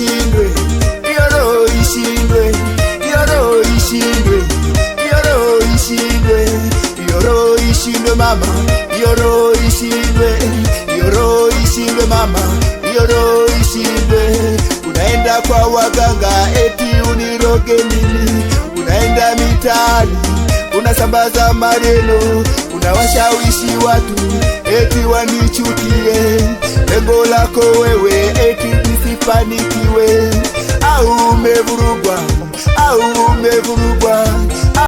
ishindwe, hiyo roho ishindwe, hiyo roho ishindwe, hiyo roho ishindwe, hiyo roho ishindwe mama, hiyo roho ishindwe, hiyo roho ishindwe mama, hiyo roho ishindwe. Unaenda kwa waganga eti uniroge nini? Unaenda mitaani unasambaza maneno, unawashawishi watu eti wanichukie, lengo lako ufanikiwe aumevurugwa aumevurugwa